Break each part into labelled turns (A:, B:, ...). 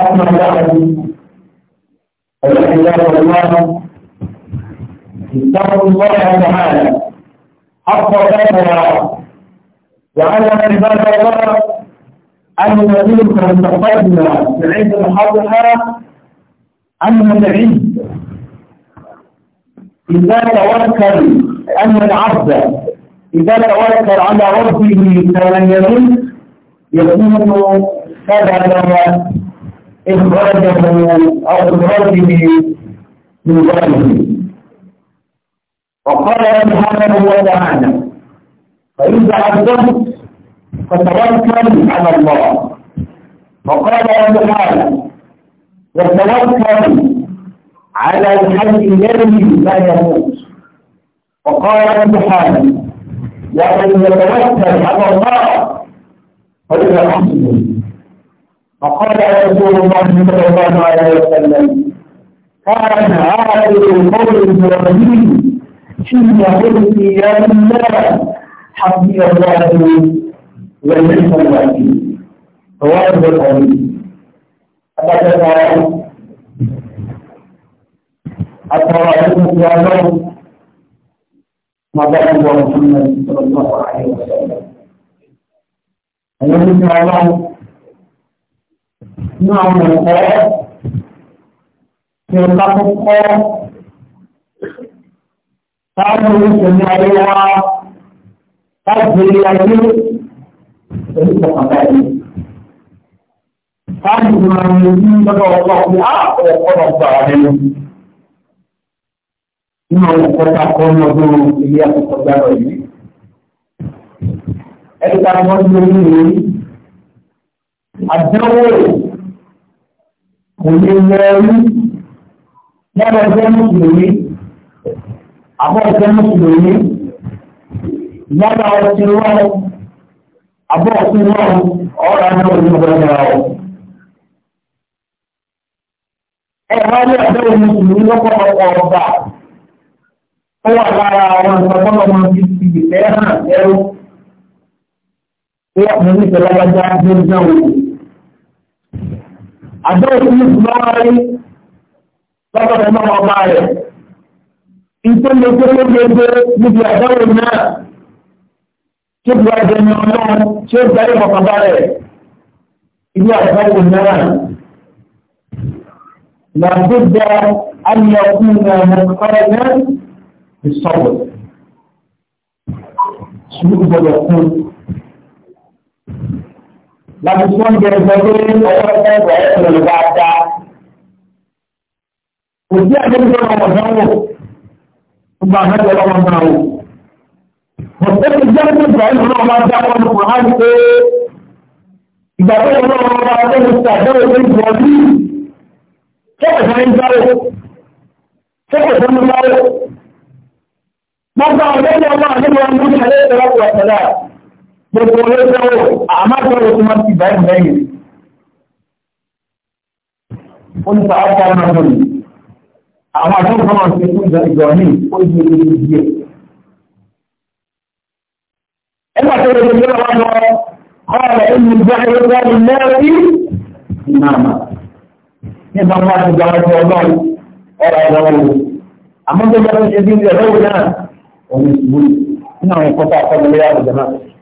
A: أما الذي فالعباد الله اتقوا الله تعالى حق تقوى وعلم عباد الله أن نبيكم استقبلنا في عيد الحضحى أن العيد إذا توكل أن العبد إذا توكل على ربه فلن يموت يكون سببا إخراجه أو إخراجه من ذلك وقال سبحانه وتعالى فإذا عبدت فتوكل على الله وقال تعالى وتوكل على الحي الذي لا يموت وقال سبحانه وأن يتوكل على الله فإذا حسبه فقال رسول الله صلى الله عليه وسلم كان عاقل القول الرجيم شن قلت يا الله حبي الله ونعم الوكيل رواه البخاري أتذكر التواريخ يا رب مدعو محمد صلى الله عليه وسلم أنا الله ní àwọn ẹ̀kọ́ tí ó bá táwọn oríṣẹ́ ní ayé wá láti ilé ayé pẹ̀lú ìpọ̀kànlá yìí. Táwọn ìgbìmọ̀ àwọn ìlú lọ́dọ̀ ọ̀pọ̀ ọ̀pọ̀ ọ̀pọ̀ ọ̀pọ̀ ọ̀pọ̀ ọ̀pọ̀ Nínú àwọn ẹ̀kọ́ tá a kọ́ ní ọdún ilé akọ̀kọ̀ gbára yìí. Ẹ̀ka ni wọ́n ń lò ní ìwé. Àdánwò kò lè wọ́ọ́rú lọ́dọ̀ ọjọ́ mùsùlùmí àbọ̀ ọjọ́ mùsùlùmí lọ́dọ̀ ọjọ́ wọn àbọ̀ ọjọ́ wọn ọ̀rọ̀ ọjọ́ olùgbọ̀nà ọ̀. ẹ wá ní ọjọ́ mùsùlùmí lọ́pọ̀lọpọ̀ ọba ó wà lára àwọn ìfọ̀tọ́nà wọn ti fi ìfẹ́ hàn ẹrú. ó wà ní ìfẹ́ lágbájá lórí náà wò. àdéhùn tí mo máa wáyé lọ́dọ̀ ọmọ ọba rẹ̀. Ìtò lè tó ló gbogbo níbi àdéhùn náà tí ó bu àjẹmọ náà tí ó gbáyé ọ̀kọ̀ọ̀bá rẹ̀. Ibi àdéhùn náà لابد أن يكون مقارنا بالصبر. شو يقول láti fún oúnjẹ ẹgbẹ́ pé ọwọ́ ẹgbẹ́ ẹ̀sìn lè dáadáa. Kò sí àdébíkọ́ ọmọ náà wò, gbogbo àmọ́jọ ọmọ náà wò. Ọ̀sẹ̀ ti jẹ́ pé Ibrahim náà máa dá wọn lù wọ́n á ní pé ìgbà tó yẹ náà wọ́n máa tẹ́lẹ̀ sí àdéhùn pé ìgbà bí kẹ́kẹ̀ fún ń dáwò, kẹ́kẹ̀ fún ń dáwò gbogbo olóṣèwò àmàgbọ̀rọ̀ tí wọ́n ti bẹ́ẹ̀ lẹ́yìn. Olùkọ́ àti àmàgbọ̀rọ̀ àwọn àdúgbò kan máa ń ṣe fún ìjọ ìjọ ní ó di ìlú díẹ̀. Ẹgbà tó lè gbé wọn lọ ọ̀rọ̀ ẹni ìjọ ìjọ ní mẹ́rin ìmáàmà. Nígbà wọn ti gba ọjọ́ ọlọ́run ọ̀rọ̀ ẹ̀rọ wọn. Àmọ́ tó bá ti ṣe bí ìjọ lọ́wọ́ náà, òun ìṣubú nínú àwọn ìkọ́ta àkọ́mọlẹ́yà àbùjá náà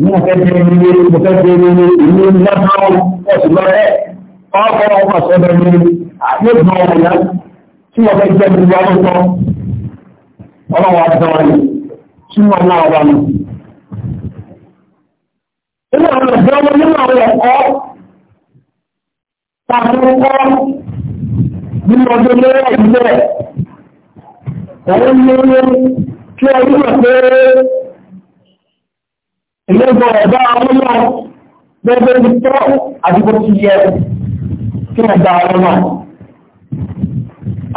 A: mo fẹ́ bẹ ní ilé mo fẹ́ bẹ ní ilé ìlú lọ́dọ̀ ọ̀sùn lọ́rẹ́ ọkọ̀ ọkọ̀ sọ́dọ̀ ní àgbẹ̀gbọ̀n ọ̀yá tí mo fẹ́ jẹ́ gbogbo ọlọ́tọ̀ ọlọ́wọ́ àdánwà ni tí mo náà wà ní. Nínú àwọn ọ̀dọ́ wọn nínú àwọn ẹ̀kọ́ tàbíkọ́ nínú ọdún lọ́wọ́ ìgbẹ́ òun ní kí ọdún náà pé ìlẹ́gbọ̀n ẹ̀dá ọlọ́nà gbẹ́gbẹ́ ti tọ́ àdúgbò ti yẹ kí ẹ̀dá ọlọ́nà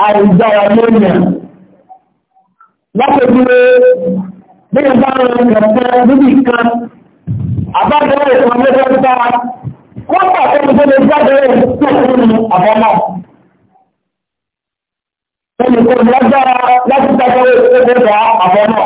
A: àìdára lónìí lápẹ̀dúró bí i bá rẹ̀ kẹ̀kẹ́ níbi kan
B: àbájáde ìkan lẹ́gbẹ́ ń
A: bá wọ́n pàtó ní gbọ́dọ̀ jáde tó fún mi àbọ́mọ́ ẹnì lágbára láti dájọ́ ìgbẹ́gbẹ́ àbọ́mọ́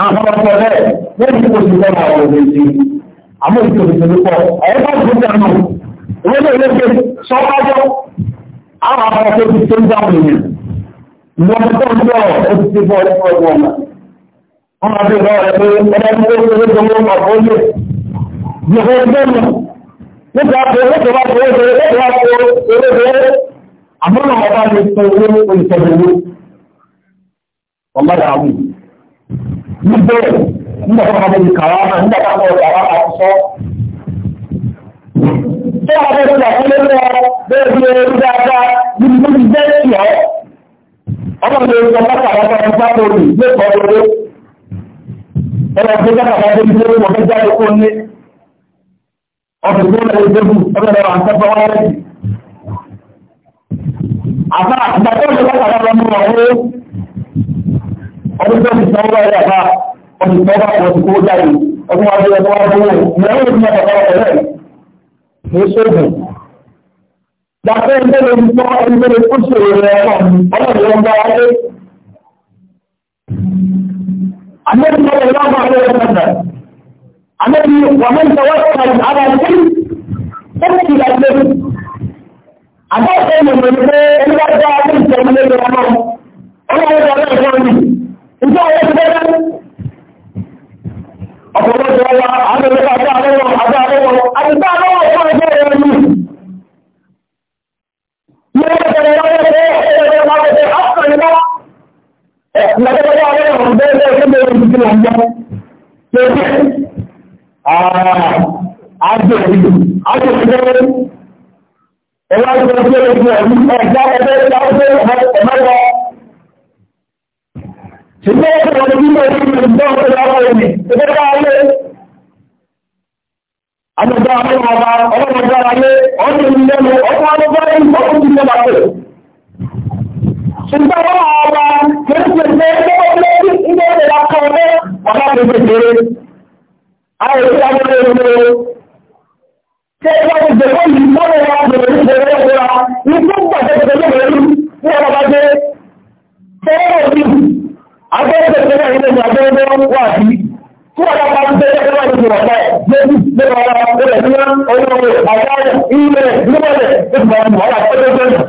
A: àwọn ọmọ rẹ̀ lẹ́yìn tó ti lọ́wọ́ àwọn òwe sí àmọ́ ìtò ìṣòro pọ̀ ọ̀rẹ́ bá ti dá nù owó lè lè fi sọ́kájọ́ àwọn àwọn ọmọ tó ti tó ń dá mi nì ìwọ́n tó ń bọ̀ ó ti ti bọ̀ ọ̀rẹ́ fún ọgbọ̀n wọn máa bí ìrọ̀ rẹ̀ pé ọ̀rẹ́ tó ń gbé gbogbo ọ̀pọ̀ yẹ yẹ̀wò ẹgbẹ́ mi nígbà tó owó tó bá tó owó tó bá tó owó tó àmọ́ náà ọba lè sọ owó olùsọ̀rọ̀ owó ọmọdé àwọn níbẹ̀ nígbà tó máa bẹ̀rẹ̀ kàwá náà nígbà tó máa kàwá àti sọ. Tó wà bẹ́ẹ̀ sọ̀rọ̀ fún lórí ọ bẹ́ẹ̀ bí ẹrú dáadáa níbi tó ti bẹ́ẹ̀ sí ọ. Ọmọ mi ò sọ bàtà bàtà ní sáfò rì ní ìkọ́ lórí. Ẹ̀rọ tó bàtà bàtà ní lórí wọn bẹ́ẹ̀ jáde kó ní. Ọ̀sẹ̀ tó lọ ìdébù ọ̀sẹ̀ lọ àǹtẹ̀ fọwọ́ rẹ̀. Àbá àtìgbà tó lọ bàtà bàtà mú ọdún tó ti sọ wọ́n rẹ̀ bá ọdún tó bá wọ́n ti kó jáde ọdún wa bí ọdún wa bí wọ́n mẹ́rin ní ọ̀pọ̀ ọ̀rẹ́ ní ṣéèkì. Dàpẹ́ ń tẹ́lẹ̀ ní sọ ẹni tẹ́lẹ̀ kó ṣe ìrẹ̀ ọ̀pọ̀ ọlọ́run ló ń bá wáyé. Àmẹ́bí ọ̀rọ̀ ìlú àwọn ọ̀rẹ́ ọ̀pọ̀ Àmẹ́bí wàmẹ́ ìtọ́wọ́ ìtọ́wọ́ àwọn ọ̀rẹ́ tẹ́lẹ̀ ìgbàgbé. Àbẹ́ ìtẹ́lẹ̀ mọ̀ ní pé ẹni bá dá ọdún ìtẹ́lẹ̀ lé ìjọ àwọn ti bẹ́ẹ̀
B: ọ̀pọ̀lọpọ̀ wa àwọn ẹgbẹ́ àti àlọ́wọ̀ àti àlọ́wọ̀ àti bá àlọ́wọ̀ fún ẹgbẹ́ rẹ̀ ní
A: ilé ẹgbẹ́ rẹ̀ wáyé pé ẹgbẹ́ máa bẹ̀rẹ̀ áfíríkà ní wá ẹ̀kùnlẹ́gbẹ́gbẹ́ àwọn ọ̀rọ̀ bẹ́ẹ̀ bẹ́ẹ̀ tó bẹ̀rẹ̀ ní kílọ̀ ń jẹ́ pé àjọ ìlú àjọ ìlú ẹ̀wọ́n ti bẹ̀rẹ̀ sí ẹ̀mí ẹ̀já ẹgbẹ́ ìjá ọgbẹ́ ọmọ ṣùgbọ́n wọ́n wọ́n bí mọ̀ ní ìgbọ́n tó lọ́wọ́ ẹni tó bá lé àjọ̀dá àwọn ọba ọlọ́mọdé ara lé ọdún ìlẹ́nu ọdún alọ́gbọ́n ní ọdún ti lọ́ba pé ṣùgbọ́n wọ́n ọba kérésì pé lọ́wọ́ lé ilé ìlera kan lé ọba tó kékeré àwọn èdè àwọn èdè ṣé ìwà ìgbèrè yìí lọ́wọ́ wa gbèrè ní ìgbèrè ìgbèrè ní tó gbàgbé gbèrè ní ọba dé ṣé ó agbẹ́gbẹ́gbẹ́ ilé ní agbẹ́gbẹ́ wà sí tí wọ́n bá ti gbẹ́gbẹ́ wà ní ọ̀pá lẹ́bí lẹ́wọ̀ ọ̀rọ̀ ilẹ̀ ní ọ̀rọ̀ àwọn ilẹ̀ nígbàlẹ̀ nígbà wọ́n àgbẹ́gbẹ́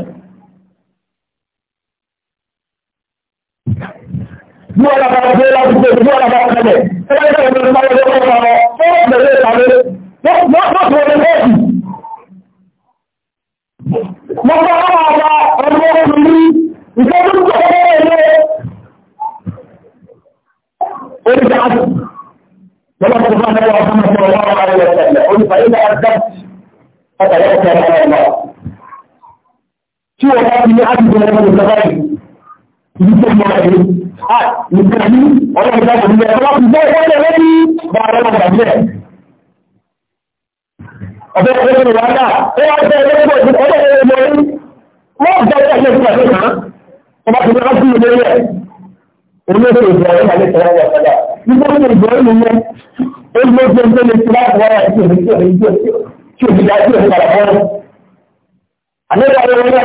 A: Bí wọ́n bá gbé láti gbé bí wọ́n bá kẹlẹ̀, ẹgbẹ́
B: ìgbẹ́ ìgbẹ́ ìgbẹ́ ìgbẹ́ ìgbẹ́ ìgbẹ́ ìgbẹ́
A: ìgbẹ́ ìgbẹ́ ìgbẹ́ ìgbẹ́ Mo fọ́ àwọn ọmọ ọmọ orí ìgbẹ́ tó ń jẹ́ ọmọ ilé ارجع لما تفهم الله محمد صلى الله عليه وسلم قل فإذا أردت فتوكل على الله شو وقت اللي عبد من المتغير يسمى عليه ها يسمعني ولا يسمعني ولا يسمعني ولا يسمعني ولا يسمعني ọ̀fẹ́ ọ̀fẹ́ ìwà náà ó wá jẹ́ ẹgbẹ́ ìgbẹ́ ọ̀fẹ́ ìwà náà wọ́n jẹ́ ẹgbẹ́ ìgbẹ́ ọ̀fẹ́ ìwà náà olóòtú ìbọ̀wọ́ náà lè tẹ̀wọ́ wọ̀ sọ́dọ̀ nígbà tó ìbọ̀wọ́ mi yẹn ó ló gbé gbé lè ti láti wọ́n àti òní tí òní tí òní dá sí òní padà bọ́. àlejò àwọn ọmọ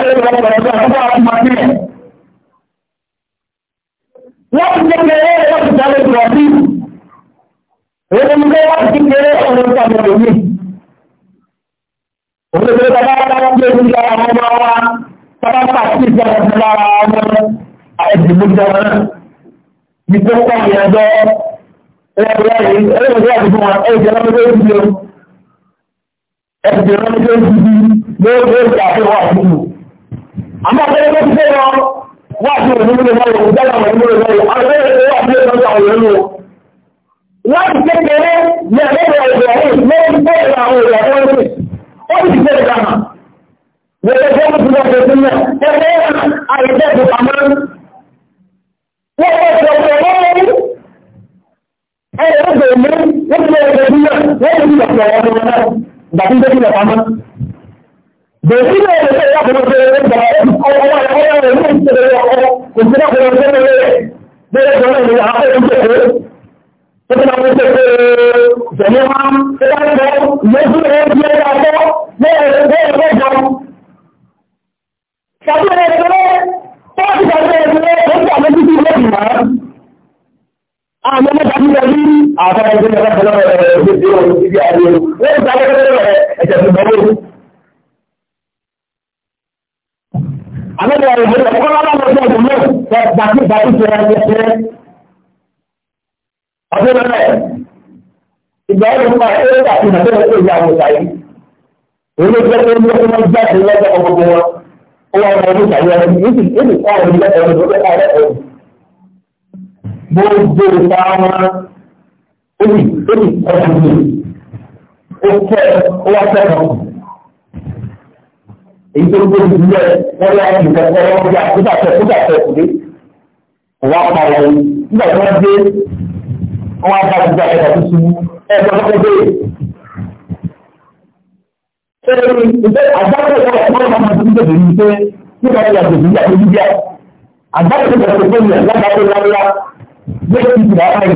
A: ẹgbẹ́ ọjọ́ àwọn ní kó kọ́ mi àjọ ẹlẹ́gbẹ̀rẹ́ ẹlẹ́gbẹ̀rẹ́ àti fún wa ẹ̀jẹ̀ lọ́mọdé ń bí o ẹ̀jẹ̀ lọ́mọdé ń bí lóògbé ìjà àti wà fún mi. àmọ́ àtẹ́lẹ́ tó ti fẹ́ lọ wà sí òní nínú ìwà ìwà ìjà àwọn ìwà ìwà ìwà àwọn ìwà àti ìwà ìwà ìwà ìwà láti kékeré ní ẹgbẹ́ ọ̀gbọ̀n ọ̀hún lórí bẹ́ẹ̀ àwọn ìwà tó ń sè ó sì fẹ́ ìdáná. Gbogbo ẹgbẹ́ mi ti lọ sí ìpínlẹ̀ ẹgbẹ́ àìjẹ́ ìpamọ́. Wọ́n fẹ́ sọ ẹ̀rọ ẹgbẹ̀ ìlú wọ́n ti lọ́wọ́ ẹgbẹ̀ ìlú wọ́n ti lọ́wọ́ ẹgbẹ̀ ìlú wọn gbàtí ń tẹ́jú lọ́pàá mọ́. Bẹ̀rẹ̀ ní ọ̀rọ̀ ẹgbẹ̀ ìlú ọ̀pọ̀lọpọ̀ ẹgbẹ̀ ìgbà ọwọ́ ọwọ́ ẹgbẹ̀ ìlú ọ̀pọ̀lọpọ̀ ẹgbẹ̀ ìlú ọ̀pọ̀lọpọ̀ ẹgbẹ̀ ìlú ọ̀pọ̀lọpọ̀ ẹgbẹ̀ ìlú ọ̀pọ̀lọpọ̀ ẹgbẹ̀ àwọn ọmọ tàbí lọ rí àwọn ọmọ ìgbẹ́ ọ̀pọ̀lọpọ̀ ẹgbẹ́ òun ti di àárín òun wọ́n ti àwọn ọmọ ẹ̀jẹ̀ tó bọ́ lóru. àmọ́bọ̀ ìwé ọ̀pọ̀ lọ́wọ́ ọjọ́ ìlú náà sọ gbàgbé gbàgbé tó ra ẹgbẹ́ tẹ́lẹ̀. ọdún mẹ́rẹ̀ ìgbà ọdún máa ń rí àti ìgbà tó ń pè ní àwọn ìsàyí. òun ló jẹ́ pé ó ní ọdún máa ń jáde lọ́jọ́ ọgbọ̀gbọ̀ wọn. ó wà ọmọ ọdún ìsàyí ọdún gbogbo ìta wọn ó lè ó lè kọjú mi ó kẹ ó wá sẹ́kọ̀ọ́ èyí tó gbé ìdílé wọn lé àwọn ìgbà wọn wọn bí àkúta tẹ kúta tẹ kùdé wọn á pa wọn nígbà tí wọn dé wọn á bá gbogbo àkẹkọọ tó ṣubú ẹ gbọ́dọ̀ kó dé. ṣé ìgbẹ́ àgbàdo ìwọ̀n ọ̀pọ̀ ọ̀pọ̀ ọ̀pọ̀ tó ń tẹ̀lé ní pé nígbà tí a gbèsè ní gbé ìgbà ara rẹ̀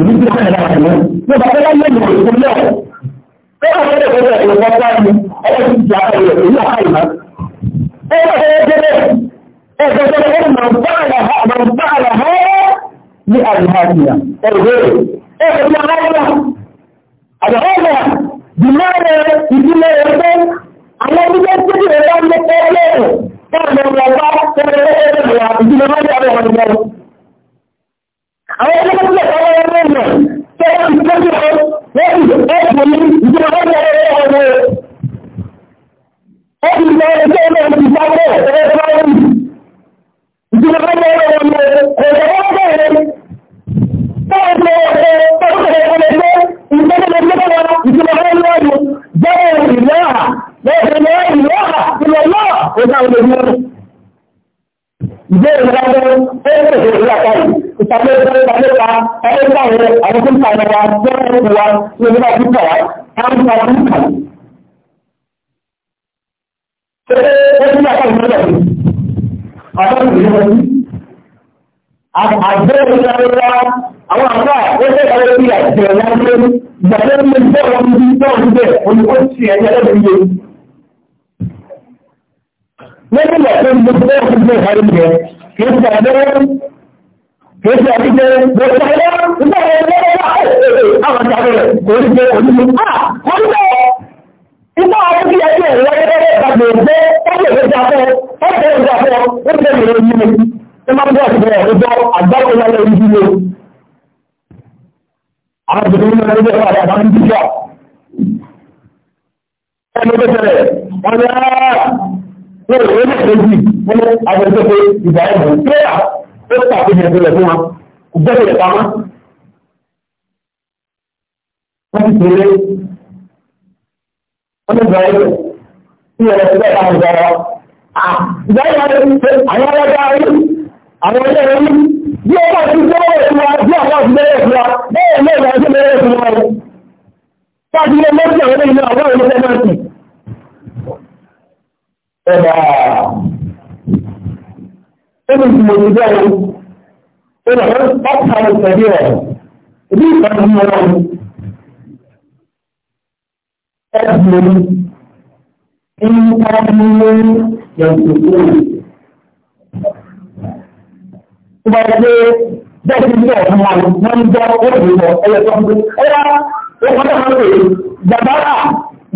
A: ìlú tí wọ́n yàrá rẹ̀ ló bá fẹ́ láyé ìwé ìlú náà kọ́nà fẹ́ lè fẹ́ ìwé wọn bá ní ọwọ́ ti di ara rẹ̀ ìlú àìmá. ẹ bá fẹ́ gẹ́gẹ́ ẹgbẹ́ tó fẹ́ máa bá àlà ha máa bá àlà ha ní àlùmáàdìyà ẹ̀rọ ẹ̀rọ ti ara rẹ̀ àbẹ̀wò rẹ̀ dìmọ́rẹ̀ ìdílé ẹgbẹ́ àwọn ìdílé tó ti rẹ̀ bá ń lọ pẹ́ẹ́lẹ́ àwọn ẹgbẹ́ tó lè fọwọ́ ẹgbẹ́ rẹ̀ tó wọ́n ti tọ́jú ọ wọ́n ti ẹ̀kọ́ ní ìjọba ọ̀rọ̀ ẹgbẹ́ ọ̀rọ̀ rẹ̀. ó ti lọ ẹgbẹ́ náà ti bá bọ̀ ẹgbẹ́ báyìí ìjọba ọ̀rọ̀ ọ̀rọ̀ rẹ̀ kò lọ́wọ́ bẹ̀rẹ̀ táwọn ọ̀rọ̀ ọ̀rọ̀ tọ́jú ẹgbẹ́ ẹgbẹ́ ìjọba ọ̀rọ̀ ọ̀rọ̀ ìjọba ọ̀rọ̀ ọ̀rọ̀ jẹ́ ìlú ọ̀hà àwọn àwọn tó ń ta ìwà bẹ́ẹ̀ wa ní ọjọ́ àti ìtàwá àwọn tó ń ta ìtàwá. Ṣé ó ti ní àtàwọn ìmọ̀lẹ̀ yìí? Àtàwọn ìmọ̀lẹ̀ yìí. Àgbẹ̀ ìjọba àwọn àgbà ó ṣe ìdáwọ́ sí àti ẹ̀rọ ọmọdé ìgbàgbé ní ẹgbẹ́ ọmọ ibi tó ń bẹ̀ olùkọ́sí ẹ̀yẹ lẹ́nu iye. Lẹ́yìn ìgbà tó ń bẹ̀ ọmọ ibi tó ń bẹ̀ kéèké ẹni pé gbèsè ẹ̀yọ́ nígbà wo lọ́wọ́ àwọn ìjàmbá rẹ̀ kò ní pé onílù. wọ́n ní iná àwọn bí ẹgbẹ́ ẹ̀rọ ẹgbẹ́ ìgbàgbé gbé ọ̀pẹ̀ ìgbàgbé afẹ́ ọ̀pẹ̀ ìgbàgbé ó bẹ̀rẹ̀ ìròyìn ní ní máa ń bọ̀ sí ẹ̀rọ ìjọ àgbáwọ̀ lọ́wọ́ ìdí lé. àwọn ìdílé ní ó tàbí ìrìnlẹ̀ fún wọn kò gbẹ́sẹ̀ rẹ̀ pamọ́ wọ́n ti tẹ̀lé wọ́n ti bẹ̀rẹ̀ rẹ̀ tí ẹ̀rọ ti bẹ́ẹ̀ láti bẹ̀rẹ̀ ìgbàlẹ̀ wọn ti ṣe àwọn ọlọ́dà ayé àwọn ọlọ́dà ayé bí ọkọ̀ ti bẹ̀rẹ̀ fún wa bí ọkọ̀ ti bẹ̀rẹ̀ fún wa bẹ́ẹ̀ lé ìwà ti bẹ̀rẹ̀ fún wa Fáàdì ilé mọ́tì àwọn ilé ìmọ̀ ìjọba ìrọ̀ ọ̀pọ̀ ìtẹ̀lé ọ̀rọ̀ ìdí ìtọ́jú ọ̀rọ̀ ẹ̀dùn ìmọ̀ ìyẹ̀kùnkùn tó bá yẹ bẹ́ẹ̀ ti bẹ́ẹ̀ fún wa wọ́n ń gbọ́ ọ̀rọ̀ ìwọ̀ ẹ̀yẹ tó ń gbé ẹ̀yà ó kọ́ tẹ́lẹ̀ pé gbàgbára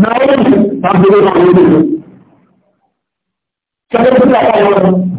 A: náà ó lè fi àbúrò náà lórí rẹ̀. Ṣé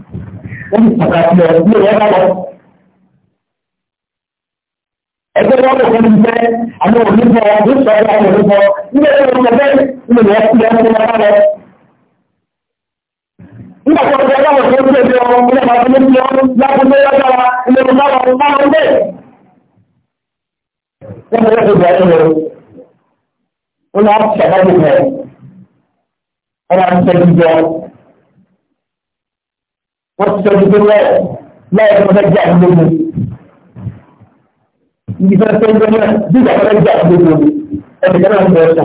A: wọ́n ti pàtàkì ọ̀rọ̀ bí ẹ̀yẹ́ bá lọ. Ẹgbẹ́ wọn kò fẹ́ni fẹ́ àwọn olùkọ́ ló sọ ọ́ láwọn olùkọ́ nígbà tí wọ́n lọ bẹ́ẹ̀ nígbà tí wọ́n ti lọ bá lọ. Nígbà tí wọ́n ti lọ bá lọ sí ọdún ẹgbẹ́ wọn, ilé ọmọ ọdún ẹgbẹ́ wọn lábúlé lọ́jọ́ ilé ọmọ ọdún bá wọn bẹ́ẹ̀. Wọ́n ti lọ́kọ̀ ìgbà ẹ̀rọ. Wọ́n lọ sọ̀rọ̀ wọ́n ti sọ ìdílé lẹ́ẹ̀ lẹ́ẹ̀ tó fẹ́ jẹ́ àdúgbò ibi tó fẹ́ jẹ́ náà bí ìgbà tó fẹ́ jẹ́ àdúgbò ẹni tó náà ń bọ̀ sọ.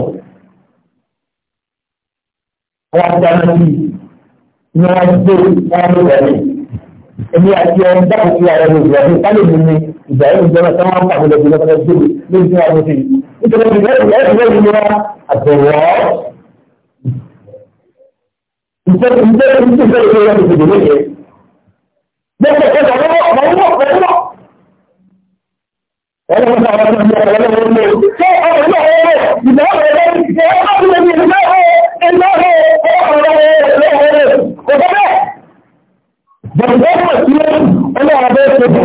A: wọ́n ti dáná sí i ní wọ́n gbé wọn ló wọlé èmi àti ẹ dákò sí ara mi ìgbà yìí kálí mi ní ìgbà yìí ìjọba tí wọ́n ń pàgọ́ lọ́dún lọ́dún lọ́dún lórí tí wọ́n mú sí i nítorí ìgbà yìí ìgbà yìí ìgbà yìí àtẹ̀wọ́ ìjọba ìjọba ìjọba ìjọba ìjọba ìjọba Gbogbo ìjọba lọ́wọ́ lọ́wọ́ lọ́wọ́. Ọlọ́run náà wọ́n ti ọ̀rọ̀ lọ́wọ́ lọ́wọ́. Ṣé ọ̀rọ̀ náà wọ́n ìgbà ọ̀rọ̀ lọ́wọ́ ìgbà ọ̀rọ̀ lọ́wọ́ ìgbà ọ̀rọ̀ lọ́wọ́ kò tó bẹ́ẹ̀. Bọ̀dọ̀ náà sí ọlọ́run bẹ́ẹ̀ ṣe bọ̀.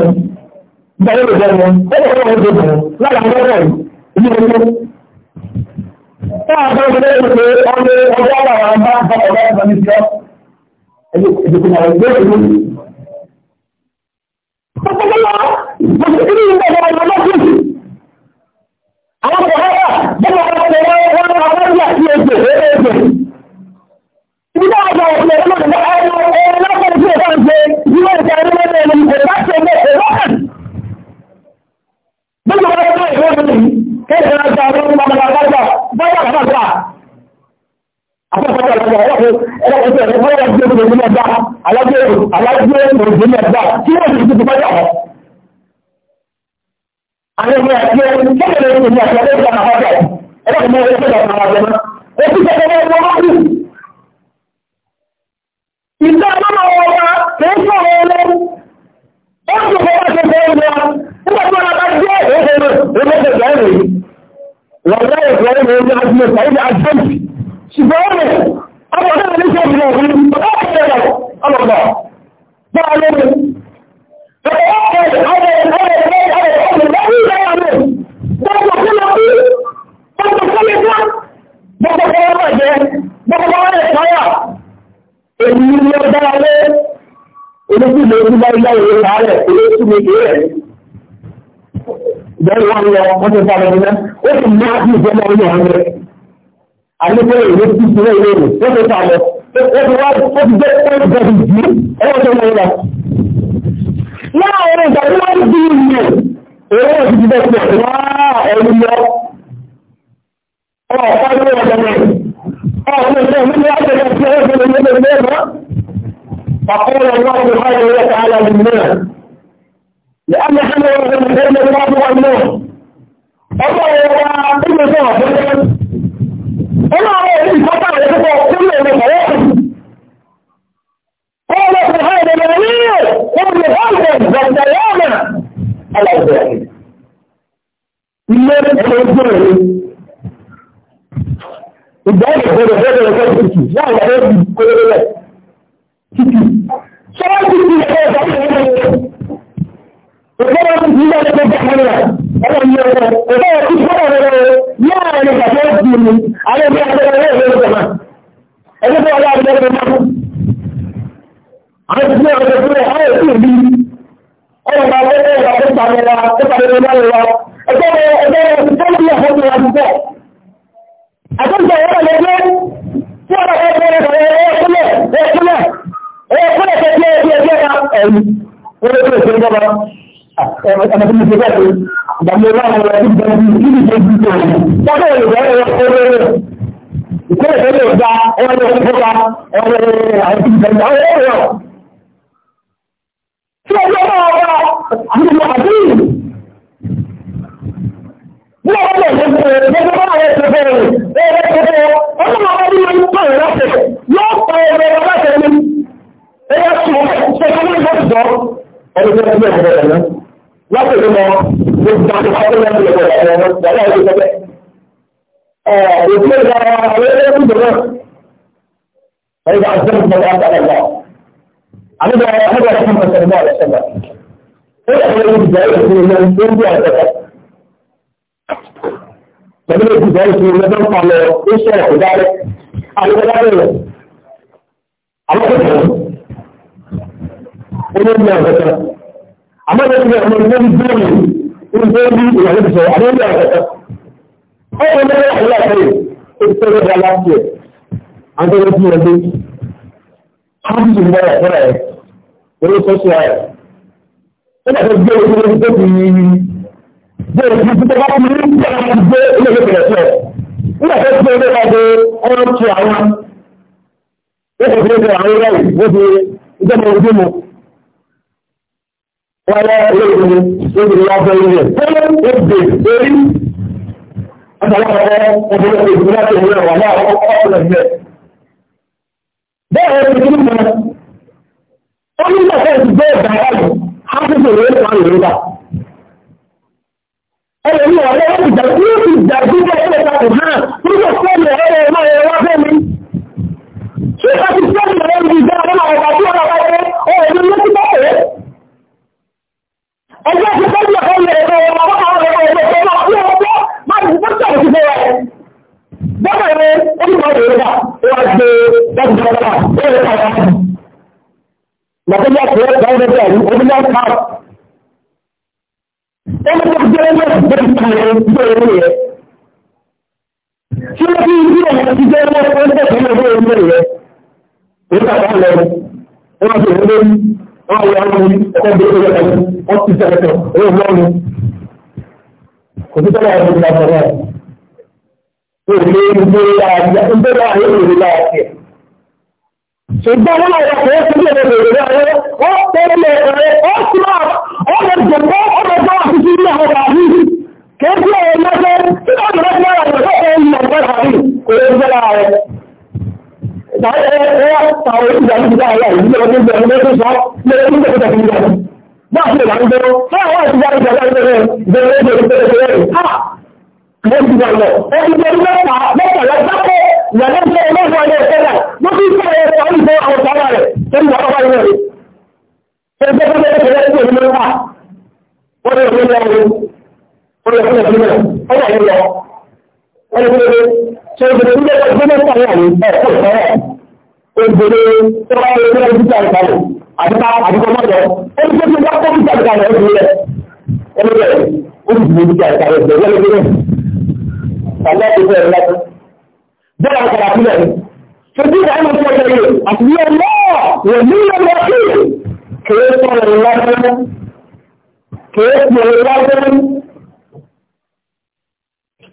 A: Ìgbà yóò jẹ́ wọn, ó lè wọ́n ṣe bọ̀ lára lọ́wọ́ ìlú ọjọ́. Táà bá ń lé ìpè ọlọ́run ọjọ́ àwọn àbá àbá ọ̀gá ìgbà ní pọ́pọ́lọ́ mo ti kí ní ìgbà ìjọba lọ́sọ̀ọ̀sì.
B: Àwọn ọ̀rọ̀ bọ́lá bá ṣe wọ́n wọ́n wọ́n wọ́n yà sí ẹgbẹ̀
A: ẹgbẹ̀. Nígbà àjọ ọ̀pọ̀ ọlọ́dún ẹ̀rọ tí ó bá ń ṣe ìwé ìta ẹ̀rọ lọ́dún ẹ̀rọ kò bá ṣe ẹgbẹ̀ ẹ̀rọ kàn. Bọ́lá bá ṣe ẹgbẹ̀ ẹ̀rọ akọ́kọ́ ọ̀gá ọ̀rọ̀ ẹ̀rọ̀kọ̀tẹ̀ ẹ̀rọ alágbé òṣèlú ẹ̀dá alágbé alágbé òṣèlú ẹ̀dá tí wọ́n ti ti fọ́jà ọ̀. àwọn ọmọ ẹgbẹ́ kẹ́kẹ̀rẹ́ ìṣèlú àti ọ̀gá ìṣèlú àwọn ọ̀gá ẹ̀rọ ọmọ ẹgbẹ́ ọ̀gá àwọn ọ̀gá ó ti sọ pé wọ́n wá rí. ìgbà ọmọ wọn wá kìí fún ọmọ wọn lẹ́nu ó ti fọwọ́ ṣe fẹ́ wọn nígbà tí wọn bá jẹ́ òṣèlú ìrẹsẹ̀ ṣùgbọ́n rẹ̀ ọmọ náà ní ṣe ìrìn òun ọ̀pọ̀lọpọ̀ rẹ̀ ọlọ́gbà bá a lórí Èyí ni ó dára lé olóṣù lè rí láìláì rí ààrẹ olóṣù lè rí rẹ̀. Ìjọ́ ìwọ̀n lọ, wọ́n ti sáré ní náà, ó sì máa ń jẹ́ mọ́ orí àwọn rẹ̀ àdúgbò ìwé tí ti rẹ̀ ìwé rẹ̀ wọ́n ti pa lọ. Wọ́n ti wá ó ti jẹ́ pẹ́ẹ́lú bọ̀dù jù ọwọ́ tó wọ́n lọ. Láàárín ìgbà tí wọ́n ti di ìlú èrè òsì ti bẹ́ẹ̀ pẹ̀ wá ẹ̀rù lọ. Ọ̀pá ló wọ̀ lọ́wọ́ rẹ̀. Ọ̀pá ló wọ̀ lọ́wọ́ rẹ̀ tí ó ti lè lé lé lọ. Àkọ́wọ́ lọ́wọ́ rẹ̀ wá lè rẹ̀ káàlà jù náà. Ìyáàmì Hánà wọ̀ lọ́wọ́ rẹ̀ lọ́wọ́ Ọlọ́run ẹ̀rí ìfọ́tà rẹ̀ púpọ̀ kúrò ẹ̀rọ ọ̀rẹ́ قال سبحان الجميع قل لغيرك والسلامة على الزعيم من الحضور ìdáyẹ̀ ìgbẹ̀rẹ̀ ìgbẹ̀rẹ̀ ìgbẹ̀rẹ̀ títì láàrín àwọn ìgbẹ̀rẹ̀ títì ṣọ́wọ́n títì ẹ̀kọ́ ìgbẹ̀rẹ̀ ìgbẹ̀rẹ̀ ìgbẹ̀rẹ̀ títì láàrín àwọn ìgbẹ̀rẹ̀ àwọn ìyẹn wọn òkè ẹ̀kú fọ́nà ẹ̀mọ̀tí mo ṣe bẹ́ẹ̀ pé àgbàmọ́ ọlọ́run ọ̀rọ̀ ẹ̀dí gan bí ibi tó bí tó rẹ̀ lọ́dọ̀ ìrẹ̀ ẹ̀rọ ọ̀rẹ́ rẹ̀ ìkọ́lẹ̀ tó lè gba ọ̀rẹ́ ìfọ́ba ọ̀rẹ́ àwọn ìgbẹ̀rẹ̀ ọ̀rẹ́ rẹ̀ tí ọjọ́ náà wà àmì àdúrà
B: ní ọjọ́ ìgbẹ̀rẹ̀ gbogbo bá rẹ̀ tó bẹ̀rẹ̀ ẹ̀rẹ́ tó bẹ̀rẹ̀ ọlọ́run ọ̀rẹ́
A: rẹ̀ ń pọ̀ láti yóò pa ọ̀rẹ́ rẹ̀ láti ẹni ẹ̀yà tó ṣe kọ́lẹ́ láti ìlú mọ gbogbo àwọn akọ́lẹ̀ ń lọ bọ̀dọ̀ àwọn ọmọ ìgbàlá ìlú pẹ́pẹ́. Òtún ìgbà ayẹyẹ ń bọ̀ náà. Wọ́n yóò bá ṣe ń bọ̀ láti àlẹ́ gbà. Àbúrò àwọn akọ́lẹ̀ ń bọ̀ sọ̀rọ̀ náà lọ́sẹ̀ náà. Ó yà wọ́n ìgbà ìṣòro náà ń bí àtẹ̀kọ́. Pẹ̀lú ìgbà ìṣòro náà ń palọ̀ ó sọ̀rọ̀ kó dárẹ́. Àlùkò dárẹ́ rẹ̀ àmọ́ ìwé ìwé ọmọ ìwé ìgbéyàwó ìgbé ní ìwàlẹ́ ìṣẹ́ àwọn ìwé àkọ́kọ́. ọmọ ìwé ìwé àkọ́kọ́ ó ti tẹ́lẹ̀ dá láti ẹ̀ àtọ́wọ́ sí ẹgbẹ́ ábùsù ìwé àkọ́kọ́ ẹ̀ orí sọ́sù ẹ̀ ó dàgbà gbé ojú ojú tó fi yí yí gbé ojú tó bá kú ní ìgbà láti gbé ilé ìwé ìrẹsẹ̀ nígbà tó gbé ilé ìwé ọ̀rọ̀ ti àwọn ó kò fi ń sọ àwọn ìwé ìwé ìjọba ojú mu wọ́lá olóògùn lóbìnrin wá fẹ́ ilẹ̀ fẹ́lẹ́gbẹ̀ lórí ọ̀pọ̀lọpọ̀ ọ̀pọ̀lọpọ̀ ìgbìmọ̀ láti ìwé wà láàrín ọ̀pọ̀lọpọ̀ ìgbẹ́. bẹ́ẹ̀ ni kí mọ̀ ó ní ìgbàfẹ́ ti bẹ́ẹ̀ dáyàlù áfíìsì ìwé ìwà yorùbá. ẹ̀rọ ní ọ̀rẹ́ wọn ti dàgbé ní ti dàgbé ní ẹgbẹ́ ìtàkù náà nígbà fẹ́ẹ̀mì ẹ̀rọ ẹ̀rọ ẹ̀rọ wá fẹ́ẹ̀mì. ṣé ìfàtí fẹ́ẹ̀mì ẹ̀rọ ìgbà ẹgbẹ́ ti tẹ́lẹ̀ ẹ̀kọ́ ilẹ̀ ẹ̀kọ́ ọmọ ọmọ ọmọ ẹ̀kọ́ ẹ̀kọ́ ẹ̀kọ́ ọmọ ọmọ ọmọ máa ní pọ́ńtà òsì fẹ́ rẹ̀. Bọ́lá ni ó ní máa lòlá ó wá gbé láti jọ ọ̀la ó lè ká ọ̀la. Màtẹ́lá ti rẹ̀ dáwọ́ lẹ́gbẹ̀ẹ́ àrùn ó ní máa ká. Ó ní kókó jẹ́rẹ́ náà ti tẹ́lẹ̀ ká ẹ̀rọ ìgbé ẹ̀rọ yẹ. Tí ó bí ìdí ọ̀la ti jẹ́rẹ́ náà ó ń tẹ̀sán ẹ̀rọ ìgbé ẹ̀rọ yẹ. Ó ń tàbá lọ, ó wá wọ́n wọ àwọn orí ọkọ̀ gbé ọjọ́ kan wọ́n ti sẹ́yìn tọ̀ owó ìlọ́run kò sí sọ́dọ̀ àwọn ìgbà sọ̀rọ̀ ẹ̀ òun lé ní gbé àyà ń bẹ̀rẹ̀ àyè òun lé àti ẹ̀. ṣùgbọ́n wọn àwọn ọkọ̀ yẹn ti ní ẹ̀rọ ìrẹ̀lẹ̀ àwọn wọ́n tẹ́lẹ̀ ẹ̀rẹ̀ ó sì máa ọ̀rọ̀ ìjọba ọ̀rọ̀ ìjọba àti ti ní àwọn àbí kéèké ẹ̀rọ mẹ́fẹ́ tí wọ́n ta orí ìjà ní ìjà àyà ìlú ọdún ìgbà ní ọdún sọ lórí ìjà ìjà ìjà ìjà bá a ṣe wà ń
B: gbọ́ fún àwọn
A: obìnrin tó bá yẹ kí ọdún sáré kalẹ̀ àdúgbò àdúgbò mọ́tò ó ní kí wọ́n kọ́kí sáré kalẹ̀ ó ti rẹ̀ ó ní bẹ̀rẹ̀ ó ní kí sáré kalẹ̀ ó bẹ̀rẹ̀ lẹ́gbẹ̀rẹ̀ sàlẹ̀ tó bẹ̀rẹ̀ lẹ́gbẹ̀rẹ̀ bẹ́ẹ̀ àwọn kàrà sílẹ̀ ṣojú ìwà ẹ̀mọ̀ tó ọjọ́ yìí àti yẹ lọ́ wọ̀ ní ọmọ sí kìí sọ̀rọ̀ lọ́dún kìí sọ̀rọ̀ lọ́dún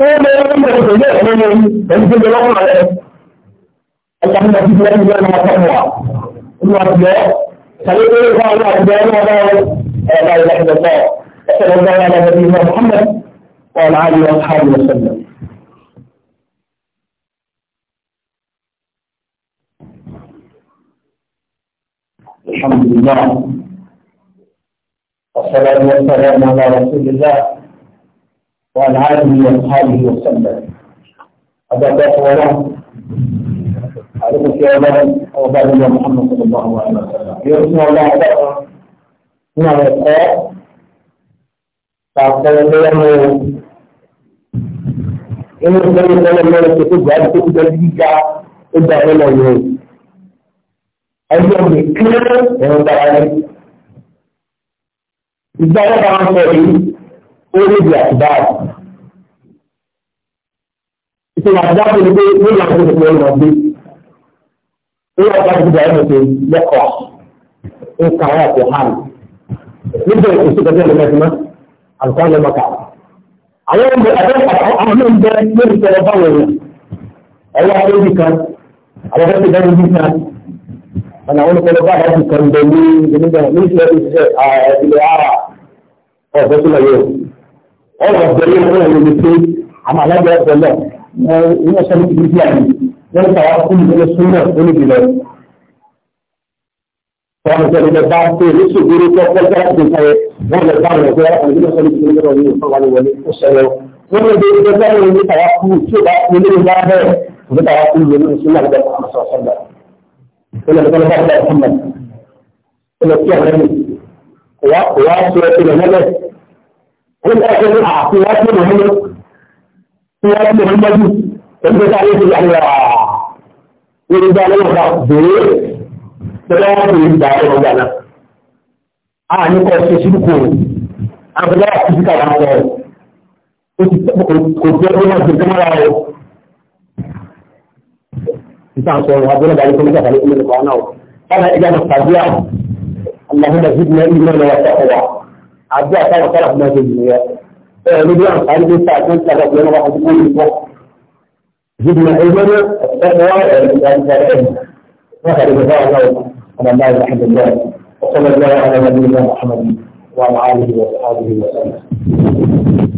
A: ó lé ọmọ ìgbẹ̀rẹ̀ اللهم اجعل لنا ايمانا وتقوى ثم اخبار خليل الله الاخبار ولا اله الا الله وصلى الله على نبينا محمد وعلى اله واصحابه وسلم الحمد لله والصلاة والسلام على رسول الله وعلى آله وأصحابه وسلم. أبدا الله عليكم السلام وبعد الله محمد صلى الله عليه وسلم يرسل الله دعوة هنا يسأل فأقول له إن الذي قال الله تجعل تجعل بيجا إلا إلى يوم أيضا بكل من تعالى إذا كان صحيح أولي بالأسباب إذا أسباب اللي بيجي يجي يجي يجي Ini apa yang tidak mungkin lekos. Ini kaya Tuhan. Ini dari isi kerja dengan semua. Al-Quran yang maka. Ayah yang berada atau ahli yang berada di dalam bawahnya. Ayah yang berdikan. Ayah yang tidak berdikan. Karena orang kalau bahas bukan demi. Jadi jangan ini sudah di luar. Oh, betul lah ya. Orang beri orang yang berdikan. Amalan dia berdikan. Ini asal berdikan. ليس عاصم من السنة من البلاد فأنا قال إذا بعد في نفس الدور يتوقف لك أحد من حياتي وأنا قال إذا بعد في نفس الدور يتوقف لك أحد من حياتي وأنا قال إذا بعد في نفس الدور يتوقف لك أحد من حياتي وأنا قال إذا بعد في نفس الدور يتوقف لك أحد من حياتي وأنا قال إذا بعد في نفس الدور يتوقف لك أحد وأخواتي يا سيدي هل أخذ أخواتي محمد أخواتي محمد تنبت عليه في الأحياء lórí bá lọ́wọ́ bá bèrè tẹ́lẹ̀ wọ́n fi ìgbà ẹ̀rọ gbà náà. a ní kọ́ ṣe sílùkù àbúrò àti ìdíkà wà lọ ó ti kò jẹ́ pé wọ́n ti gbé mọ́ra o. ìta ń sọ̀rọ̀ abúlé bá yẹ kó ní kàkà ní ìlú kan náà o. báyà ẹja lọ pàdé à aláhùn bá fídíò ní ìlú náà wà wà àbí àtàwọn kọ́lá fún ẹgbẹ́ ìlú yẹ. ẹ ẹ ní bí wọn kàrí ní sáà tó ń sábà جبنا علمنا التقوى والعلم وقد جزاه الله على الله الحمد لله وصلى الله على نبينا محمد وعلى اله وصحبه وسلم